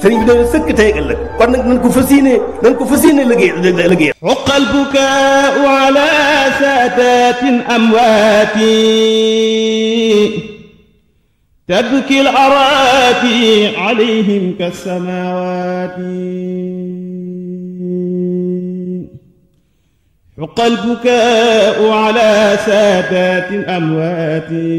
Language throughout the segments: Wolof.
sëriñ bi dana sëkk tey ak ëllëg kon nag nañ ko fas yéene nañ ko fas yéene liggéey liggéey uqa albukaau ala saadatin amwaati tabki al araati alayhim kasamawaati حق البكاء على سادات أمواتي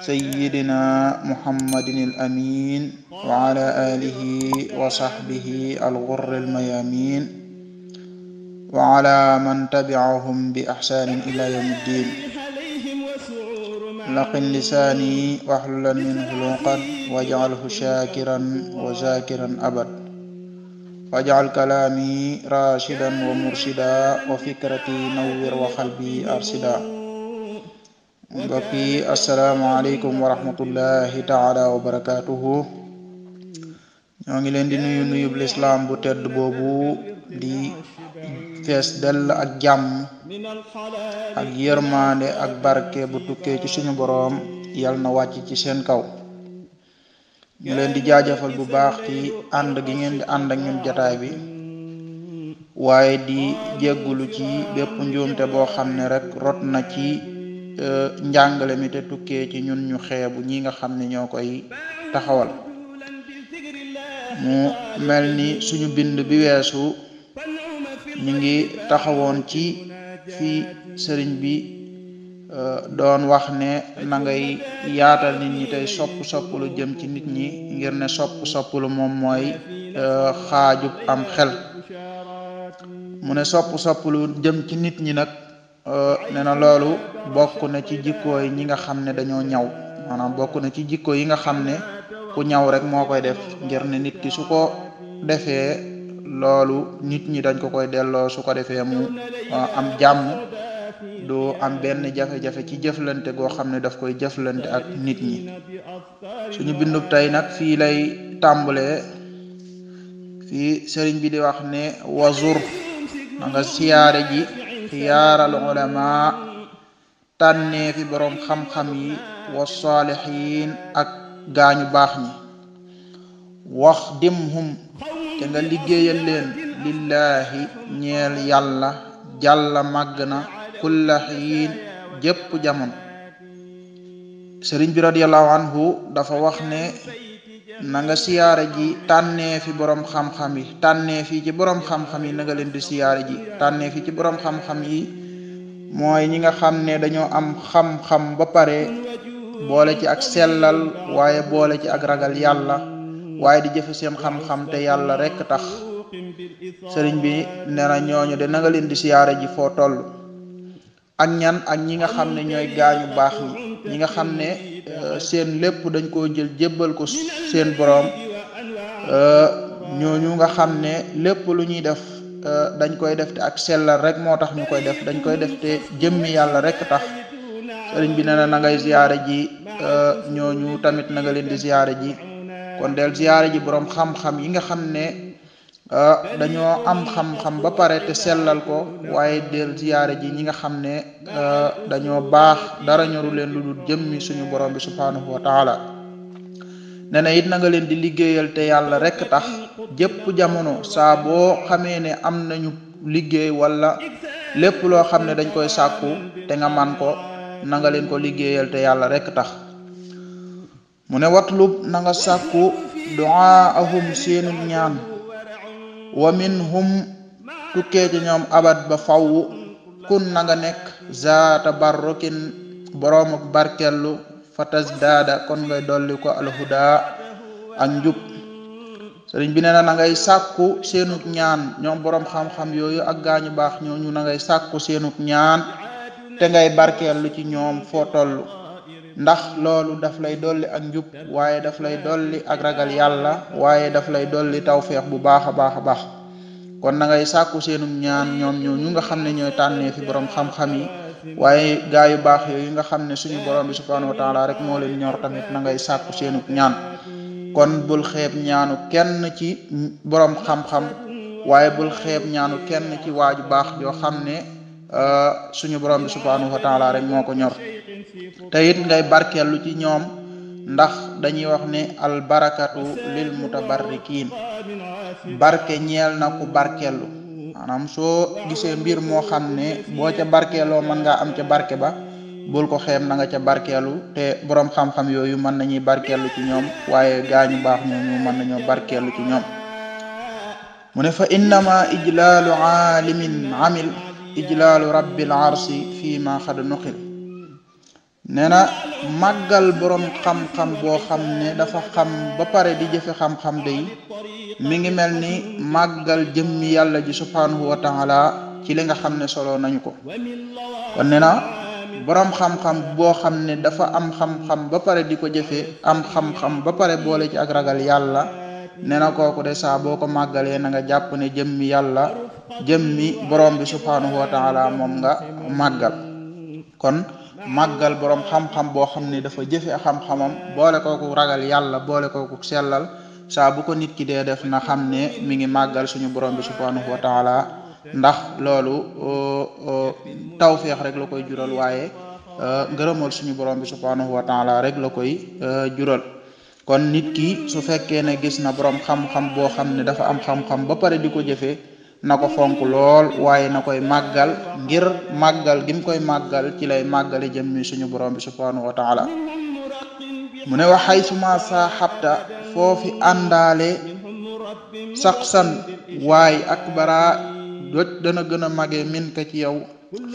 sayyidina muhammadin al-amin wa ala alihi wa sahbihi al-ghurri al-mayamin wa ala man tabi'ahum bi ihsanin ila yawmiddin laqin lisani wahlulan minhu luqan waj'alhu shakiran wa zakiran abad waj'al kalami rashidan wa murshida wa fikrati nawwir wa qalbi arshida mbokk yi asalaamaaleykum wa rahmatullahi taala wa ñoo ngi leen di nuyu nuyu lislaam bu tedd boobu di fees dell ak jàmm ak yërmaande ak barke bu tukkee ci suñu boroom yal na wàcc ci seen kaw ñu leen di jaajëfal bu baax ci ànd gi ngeen di ànd ak jataay bi waaye di jéggulu ci bépp njuumte boo xam ne rekk rot na ci Euh, njàngale mi te tukkee ci ñun ñu xeebu ñi nga xam ne ñoo koy taxawal mu mel ni suñu bind bi weesu ñu ngi taxawoon ci fi sëriñ bi euh, doon wax ne nangay yaatal nit ñi tey sopp sopp jëm ci nit ñi ngir ne sopp sopp moom mooy euh, xaajub am xel mu ne sopp sopp jëm ci nit ñi nag Euh, nee na loolu bokk na ci jikko yi ñi nga xam ne dañoo ñaw maanaam bokk na ci jikko yi nga xam ne ku ñaw rek moo koy def ngir ne nit ki su ko defee loolu nit ñi dañ ko koy delloo su ko defee mu euh, am jàmm du am benn jafe-jafe ci jëflante goo xam ne daf koy jëflante ak nit ñi suñu bindub tey nag fii lay tàmbalee fii sëriñ bi ne wazur na siyaare ji xiyaaral ulamaa tànnee fi boroom xam-xam yi wa saalixiin ak gaañu baax ñi wax dimhum te nga liggéeyal leen lillaahi ñeel yàlla jàlla màgg na kulla xiin jépp bi radiallahu dafa wax na nga siyaare ji tànnee fi borom xam-xam yi tànnee fi ci boroom xam-xam yi na leen di ji tànnee fi ci borom xam yi mooy ñi nga xam ne dañoo am xam-xam ba pare boole ci ak sellal waaye boole ci ak ragal yàlla waaye di jëfe seen xam-xam te yàlla rek tax sëriñ bi nee na ñooñu de nanga leen di siyaare ji foo toll ak ñan ñi nga xam ne ñooy gaañu baax ñi ñi nga xam ne. Euh, seen lépp dañ koo jël jébbal ko seen boroom euh, ñooñu nga xam ne lépp lu ñuy def euh, dañ koy def te ak sellal rek moo tax ñu koy def dañ koy def te jëmmi yàlla rek tax sëriñ bi nee na na ngay ziyaare ji ñooñu tamit na leen di ziyaare ji kon del ziyaare ji boroom xam-xam yi nga xam ne Euh, dañoo am xam ba pare te sellal ko waaye del ziyaare ji ñi nga xam ne euh, dañoo baax dara ñoru leen lu dul jëmmi suñu borom bi subhaanahu wa taala ne it na leen di liggéeyal te yàlla rek tax jëpp jamono saa boo xamee ne am nañu liggéey wala lépp loo xam ne dañ koy sàkku te nga man ko nanga leen ko liggéeyal te yàlla rek tax mu ne watlub na nga sàkku duaahum seenu ñaan wa minhum tukkee ci ñoom abad ba faw kun nanga nekk zaata barrukin boroomuk barkellu fatas daada kon ngay dolli ko alhuda ak njub sëriñ bi nee na na ngay sàkku seenuk ñaan ñoom boroom xam-xam yooyu ak gaañu baax ñooñu na ngay sàkku seenuk ñaan te ngay barkeellu ci ñoom foo toll ndax loolu daf lay dolli ak njub waaye daf lay dolli ak ragal yàlla waaye daf lay dolli taw tawféex bu baax a baax a baax kon na ngay sàkku seenum ñaan ñoom ñoo ñu nga xam ne ñooy tànnee fi borom xam-xam yi waaye gaa yu baax yooyu nga xam ne suñu borom bi subhaanahu wa taala rek moo leen ñor tamit na ngay sàkku seenub ñaan kon bul xeeb ñaanu kenn ci borom xam waaye bul xeeb ñaanu kenn ci waaju baax yoo xam ne. Euh, suñu borom bi subhanahu wa taala rek moo ko ñor te it ngay barkeelu ci ñoom ndax dañuy wax ne albarakatu lil mutabarrikin barke ñeel na ku barkeelu maanaam soo gisee mbir moo xam ne boo ca barkeeloo mën ngaa am ca barke ba bul ko xeem na nga ca barkeelu te borom xam-xam yooyu mën nañuy barkeelu ci ñoom waaye gaañu baax mën nañoo barkeelu ci ñoom mu ne fa innama ijlaalu aalimin amil ijlaalu rabbil arsi fii ma xad nuqil nee na màggal boroom xam-xam boo xam ne dafa xam ba pare di jëfe xam-xam day mi ngi mel ni màggal jëmmi yàlla ji subhaanahu wa taala ci li nga xam ne solo nañu ko kon nee na boroom xam-xam boo xam ne dafa am xam-xam ba pare di ko jëfe am xam-xam ba pare boole ci ak yàlla nee na kooku de saa boo ko màggalee na nga jàpp ne jëmmi yàlla jëmmi borom bi subhaanahu wa taala moom nga màggal kon màggal borom xam-xam boo xam ne dafa jëfe xam-xamam boole kooku ragal yàlla boole kooku sellal saa bu ko nit ki dee def na xam ne mi ngi màggal suñu borom bi subhaanahu wa taala ndax loolu tawféex rek la koy jural waaye ngërëmal suñu borom bi subhaanahu wa taala rek la koy e, jural kon nit ki su fekkee ne gis na boroom xam-xam boo xam ne dafa am xam-xam ba pare di ko jëfe na ko fonk lool waaye na koy màggal ngir màggal gi koy màggal ci lay màggale jëmmi suñu borom bi subhanahu wa taala mu ne wax xay suma saa xabta foofi àndaale saxsan waaye ak bara doj dana gën a mage min ka ci yow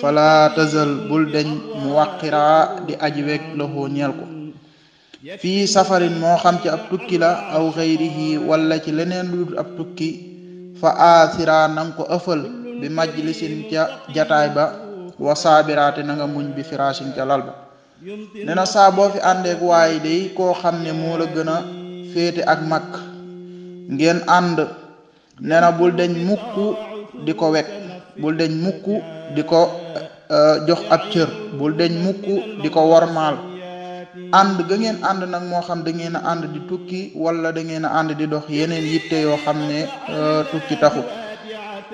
fala tazal bul deñ mu waqira di aji weg loxoo ñeel ko fii safarin moo xam ci ab tukki la aw xayrihi wala ci leneen lu ab tukki fa aasira nang ko ëffal bi majlisin ca jataay ba wa saabiraate na nga muñ bi firaasin ca lal ba ne na saa boo fi àndeek waaye day koo xam ne moo la gën a féete ak mag ngeen ànd ne na bul deñ mukk di ko wekk bul deñ mukk di ko eh, eh, jox ab cër bul deñ mukk di ko wormaal ànd ga ngeen ànd nag moo xam da ngeen a ànd di tukki wala da ngeen a ànd di dox yeneen yitte yoo xam ne euh, tukki taxu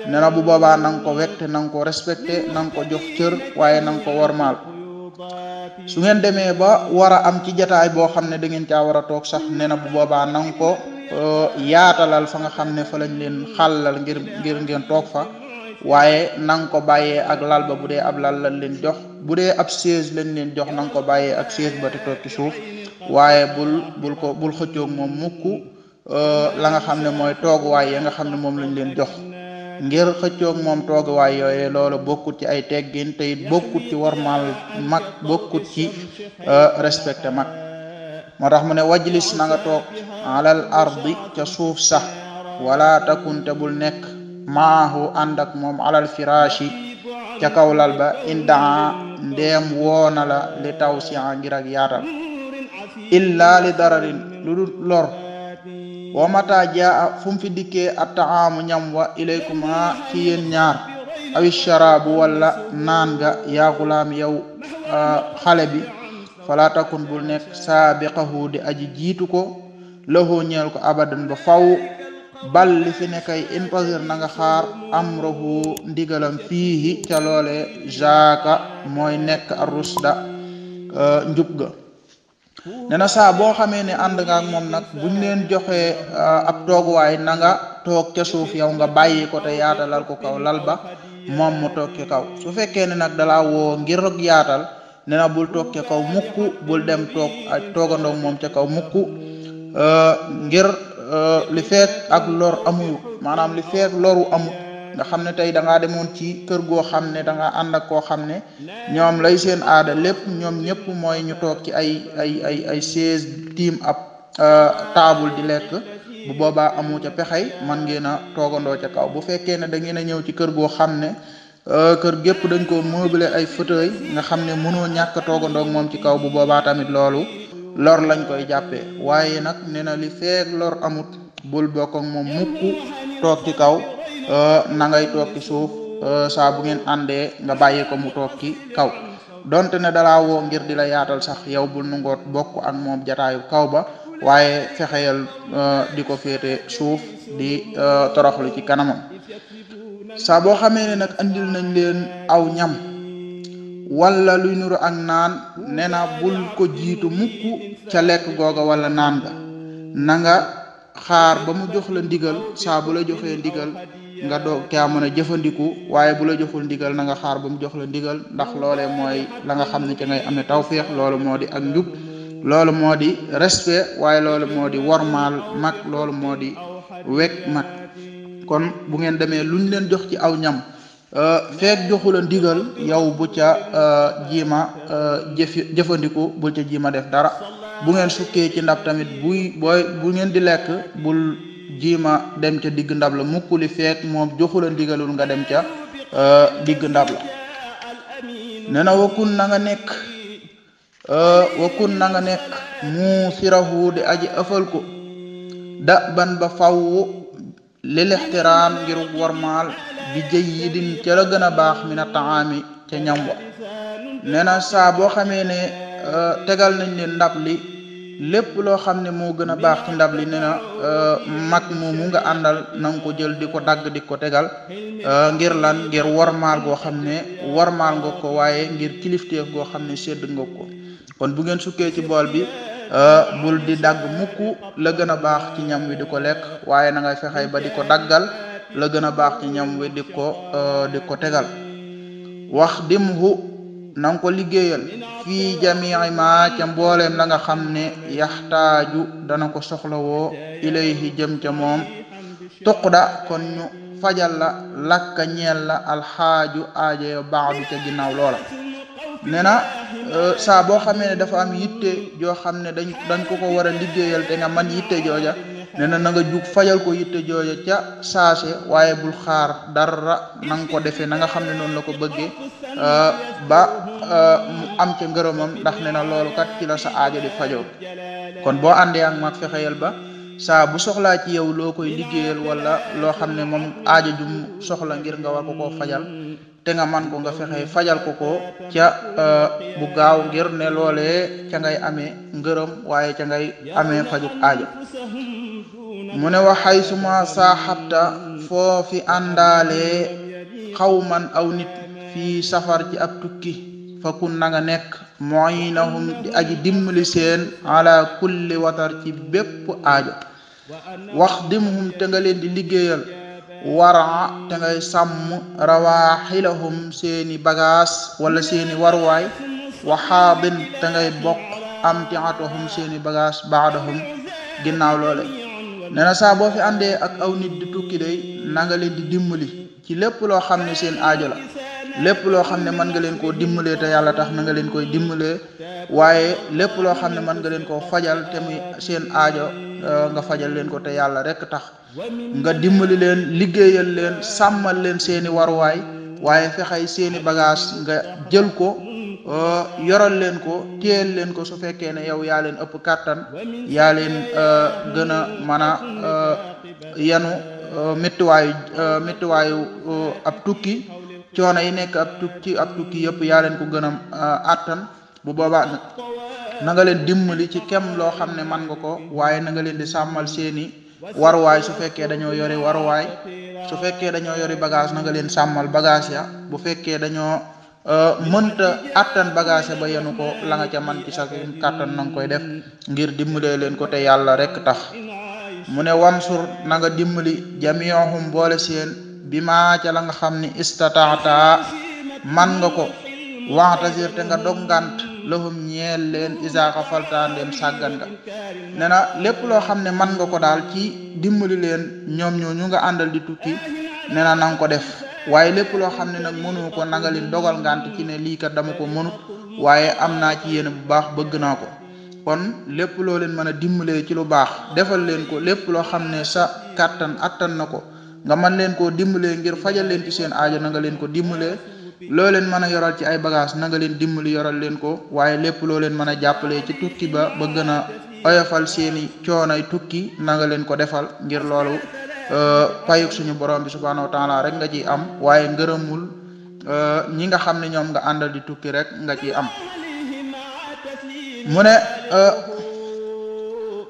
ne na bu boobaa na ko wekte na ko respecté na nga ko jox cër waaye na nga ko wormaal su ngeen demee ba war a am ci jataay boo xam ne dangeen ngeen caa war a toog sax ne na bu boobaa na nga ko euh, yaatalal fa nga xam ne fa lañ leen xàllal ngir ngir ngeen toog fa waaye nang ko bàyyee ak lal ba bu dee ab lal lañ leen jox bu dee ab chaise lañ leen jox na nga ko bàyyee ak chaise ba te toog ci suuf waaye bul bul ko bul xëccoog moom mukk euh, la nga xam ne mooy tooguwaay ya nga xam ne moom lañ leen jox ngir xëccoog moom tooguwaay yooyee loolu bokkut ci ay teggin te it bokkut ci warmal mag bokkut ci euh, respecté mag moo tax mu ne wajlis na nga toog alal ardi ca suuf sax wala takunte bul nekk maahu ànd ak moom alal firaashi ca kaw lal ba indaa ndeem woona la li taw sian ngir ak yaatal illa li dararin lu dul lor jaa fu fi dikkee a taamu ñam wa ilaykum ha ci ñaar awi sharaabu naan nga yaa gulaam ah, xale bi fala takun bul nekk saabiqahu di aji jiitu ko lahoo ñeel ko abadan ba faw bal li fi ne kay intasir na nga xaar amrahu ndigalam fiihi ca loole jaaka mooy nekk arusda euh, njub ga ne na saa boo xamee ne ànd nga moom nag buñ leen joxee euh, ab tooguwaay nanga toog ca suuf yow nga bàyyi ko te yaatalal ko kaw lal ba moom mu toog ca kaw su fekkee ne nag dala woo ngir yaatal ne na bul toog ca kaw mukk bul dem toog ak toogandoog moom ca kaw mukk euh, ngir Euh, li feek ak lor amul maanaam li feek loru amul nga xam ne tey da demoon ci kër goo xam ne da ngaa ànd ak koo xam ne ñoom lay seen aada lépp ñoom ñëpp mooy ñu toog ci ay ay ay ay chaise tiim ab euh, taabul di lekk bu boobaa amu ca pexey man ngeen a toogandoo ca kaw bu fekkee ne da ngeen a ñëw ci kër goo xam ne euh, kër gépp dañ ko meublé ay fauteuil nga xam ne mënoo ñàkk a moom ci kaw bu boobaa tamit loolu lor lañ koy jàppee waaye nag nee na li feeg lor amut bul bokk ak moom mukk toog ci kaw euh, na ngay toog ci suuf euh, saa bu ngeen àndee nga bàyyi ko mu toog ci kaw donte ne dalaa ngir di la yaatal sax yow bul nungoot bokk ak moom jataayu kaw ba waaye fexeyal euh, di ko féete suuf di toroxlu ci kanamam saa boo xamee ne nag andil nañ leen aw ñam wala luy nuru ak naan nee na bul ko jiitu mukk ca lekk googa wala naan ga na nga xaar ba mu jox la ndigal saa bu la joxee ndigal nga doog caa mën a jëfandiku waaye bu la joxul ndigal na nga xaar ba mu jox la ndigal ndax loolee mooy la nga xam ne ca ngay amee tawféex loolu moo di ak njub loolu moo di respect waaye loolu moo di wormaal mag loolu moo di wekk mag kon bu ngeen demee luñ leen jox ci aw ñam Euh, feeg joxu digal ndigal yow bu ca euh, jiima euh, jëf jëfandiku bu ca jiima def dara bu ngeen sukkee ci ndab tamit buy booy bu ngeen di lekk bul jiima dem ca digg ndab la mukk li moom joxu la nga dem ca digg ndab la nee wakkun na nekk wakkun na nga nekk mu sirahu di aji ëfal ko da ban ba faww lil ngir warmaal bi jayyidin ca la gën a baax mi mina taami ce ñam wa nee saa boo xamee ne euh, tegal nañ leen ndab li lépp loo xam ne moo gën a baax ci ndab li nee na euh, mag moomu nga àndal na ko jël di ko dagg di ko tegal euh, ngir lan ngir warmaal goo xam ne warmaal nga ko waaye ngir kilifteef goo xam ne sedd nga ko kon bu ngeen sukkee ci bool bi bul di dagg mukk la gën a baax ci ñam wi di ko lekk waaye na ngay fexey ba di ko daggal la gën a baax ci ñam wi di ko euh, ko tegal wax dimhu na nga ko liggéeyal fii jamii ma ca mbooleem la nga xam ne yaxtaaju dana ko soxlawoo ilayhi jëm ca moom da kon ñu fajal la lakka ñeel la alxaaju aajeyo baadu ca ginnaaw loola nee na euh, saa boo xamee ne dafa am yitte joo xam ne dañ dañ ko ko war a liggéeyal te man yitte jooja nee na na nga jug fajal ko yitte jooja ca saase waaye bul xaar dara na nga ko defee na nga xam ne noonu la ko bëggee euh, ba euh, mu am ca ngërëmam ndax nee na loolu kat ci la sa aajo di fajoo kon boo àndee ak mag fexeyal ba saa bu soxlaa ci yow loo koy liggéeyal wala loo xam ne moom aajo jum soxla ngir nga war ko koo fajal te nga man ko nga fexe fajal ko ko ca euh, bu gaaw ngir ne loole ca ngay amee ngërëm waaye ca ngay amee fajuk aajo mu ne wa xaysuma saaxabta foo fi àndaalee xawman aw nit safar ci ab tukki fa kun na nekk muinahum di aji dimbali seen ala kulli watar ci bépp aajo wax dimhum te leen di liggéeyal wara te ngay sàmm rawaaxilahum seeni bagaas wala seeni waruwaay wa xaadin te ngay bokk amtiatahum seeni bagaas baadahum ginnaaw loole nee na saa boo fi àndee ak aw nit di tukki day na leen di dimbali ci lépp loo xam ne seen aajo la lépp loo xam ne mën nga leen koo dimbalee te yàlla tax na nga leen koy dimbalee waaye lépp loo xam ne mën nga leen koo fajal te muy seen aajo euh, nga fajal leen ko te yàlla rek tax nga dimbali leen liggéeyal leen sàmmal leen seeni waruwaay waaye fexey seeni bagage nga jël ko Euh, yoral leen ko téyel leen ko su fekkee ne yow yaa leen ëpp kàttan yaa leen euh, gën a mën a euh, yanu méttiwaayu méttiwaayu ab tukki coono yi nekk ab tukki ab tukki yëpp yaa leen ko gën a àttan bu boobaa na nga leen dimbali ci kem loo xam ne man nga ko waaye na nga leen di sàmmal seeni waruwaay su fekkee dañoo yori waruwaay su fekkee dañoo yori bagage na nga leen sàmmal bagage ya bu fekkee dañoo Euh, mënta attan bagage ba yenu ko la nga ca man ci sa kàttan na koy def ngir dimbalee leen ko te yàlla rek tax mu ne wamsur na nga dimbali jamiohum boole seen bi maa ca la nga xam ni istataata man nga ko waxtasir te nga doggant lahum ñeel leen isaaka faltaandeem sàggan nga ne na lépp loo xam ne man nga ko daal ci dimbali leen ñoom ñoo ñu nga àndal di tukki nena na nanga ko def waaye lépp loo xam ne nag mënu ko nanga leen dogal ngant ci ne lii kat dama ko mënut waaye am naa ci yéen bu baax bëgg naa ko kon lépp loo leen mën a dimbalee ci lu baax defal leen ko lépp loo xam ne sa kàttan attan na ko nga mën leen koo dimbalee ngir fajal leen ci seen aajo na nga leen ko dimbalee loo leen mën a yoral ci ay bagage nanga nga leen dimbali yoral leen ko waaye lépp loo leen mën a jàppalee ci tukki ba ba gën a oyofal seeni coonoy tukki nanga leen ko defal ngir loolu Euh, payuk suñu borom bi subhanahu rek nga ciy am waaye ngërëmul euh, ñi nga xam ne ñoom nga àndal di tukki rek nga ciy am mu ne euh,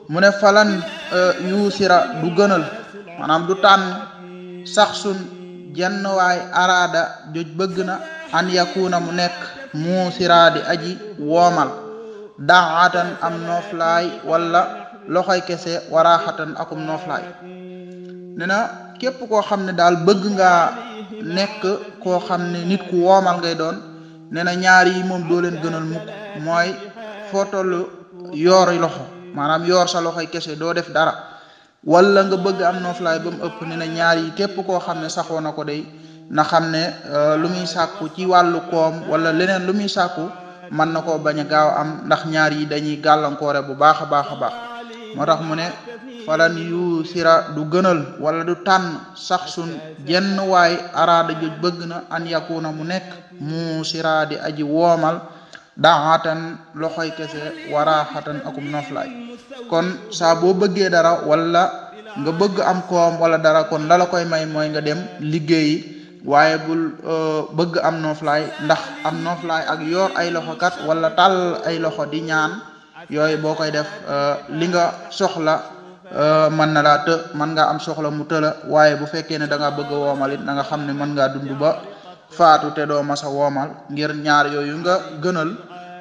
mu ne falan yuusira du gënal maanaam du tànn sax sun jenn waay araada joj bëgg na an na mu nekk muusira di aji woomal daatan am nooflaay wala loxoy kese waraaxatan akum nooflaay nee na képp koo xam ne daal bëgg ngaa nekk koo xam ne nit ku woomal ngay doon nee na ñaar yi moom doo leen gënal mukk mooy foo toll yoor loxo maanaam yoor sa loxoy kese doo def dara wala nga bëgg am noflaay ba mu ëpp nee na ñaar yi képp koo xam ne saxoo na ko day na xam ne euh, lu muy sàkku ci wàllu koom wala leneen lu muy sàkku mën na ko bañ a gaaw am ndax ñaar yi dañuy gàllankoore bu baax a baax a baax moo tax mu ne falan sira du gënal wala du tànn sax sun jenn waay araada ju bëgg na an na mu nekk sira di aji woomal daxatan loxoy kese waraaxatan akum noflaay kon saa boo bëggee dara wala nga bëgg am koom wala dara kon la koy may mooy nga dem liggéeyi waaye bul euh, bëgg am noflay ndax am noflaay ak yor ay loxo kat wala tàll ay loxo di ñaan yooyu boo koy def euh, li soxla Euh, man na laa të man ngaa am soxla mu tëla waaye bu fekkee ne danga ngaa bëgg a woomal it na nga xam ne mën ngaa dund ba faatu te doo masa woomal ngir ñaar yooyu nga gënal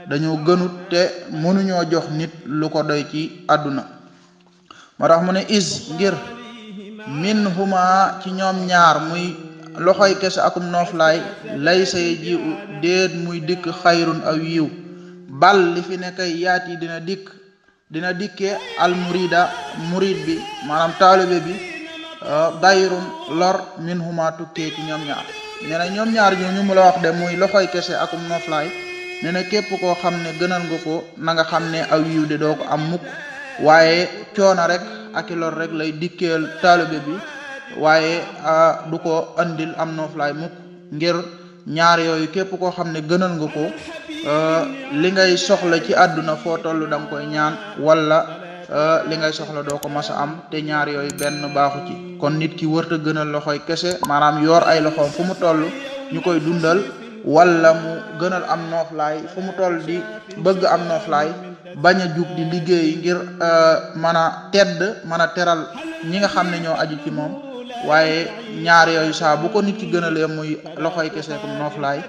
dañoo gënut te mënuñoo jox nit lu ko doy ci àdduna moo tax mu ne is ngir min huma ci ñoom ñaar muy loxoy kese akum nooflaay lay say jiu déet muy dikk xayrun aw yiw bal li fi ne kay yaat yi dina dikk dina dikke al murida murid bi maanaam taalibe bi euh, dayrum lor min huma tukkee ci ñoom ñaar nee ñoom ñaar ñoo ñu la wax de muy loxoy kese akum noflaay nee na képp koo xam ne gënal nga ko na xam ne aw yiw de doo ko am muk waaye coona rek ak i lor rek lay dikkeel taalibe bi waaye euh, du ko andil am noflaay mukk ngir ñaar yooyu képp koo xam ne gënal nga ko Euh, li ngay soxla ci àdduna foo toll da nga koy ñaan wala euh, li ngay soxla doo ko masa am te ñaar yooyu benn baaxu ci kon nit ki wërta gënal loxoy kese maanaam yor ay loxoom fu mu toll ñu koy dundal wala mu gënal am nooflaay fu mu toll di bëgg am nooflaay bañ a jug di liggéey ngir euh, mën a tedd mën a teral ñi nga xam ne ñoo aju ci moom waaye ñaar yooyu saa bu ko nit ki gënalee muy loxoy kese ko nooflaay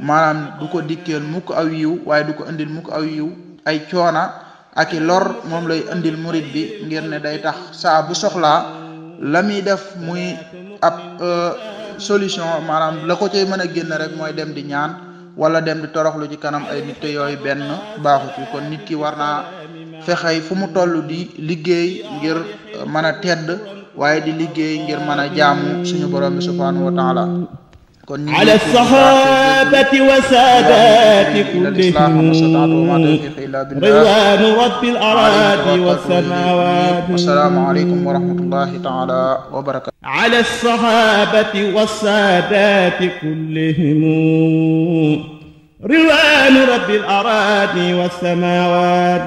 maanaam du ko dikkeel mukk aw yiw waaye du ko indil mukk aw yiw ay coona ak i lor moom lay indil murit bi ngir ne day tax saa bu soxlaa la muy def muy ab euh, solution maanaam la ko cay mën a génn rek mooy dem di ñaan wala dem di toroxlu ci kanam ay nit te yooyu benn baaxu ci kon nit ki war naa fexey fu mu toll di liggéey ngir euh, mën a tedd waaye di liggéey ngir mën a jaamu suñu borom bi subhaanahu wa taala kon ñu ala sahabati wa saadati kullihim ridwaanu rabbil aradi wa samawati assalaamu aleykum wa rahmatullahi taala wa barakatu ala sahabati wa saadati kullihim رضوان رب الأراضي والسماوات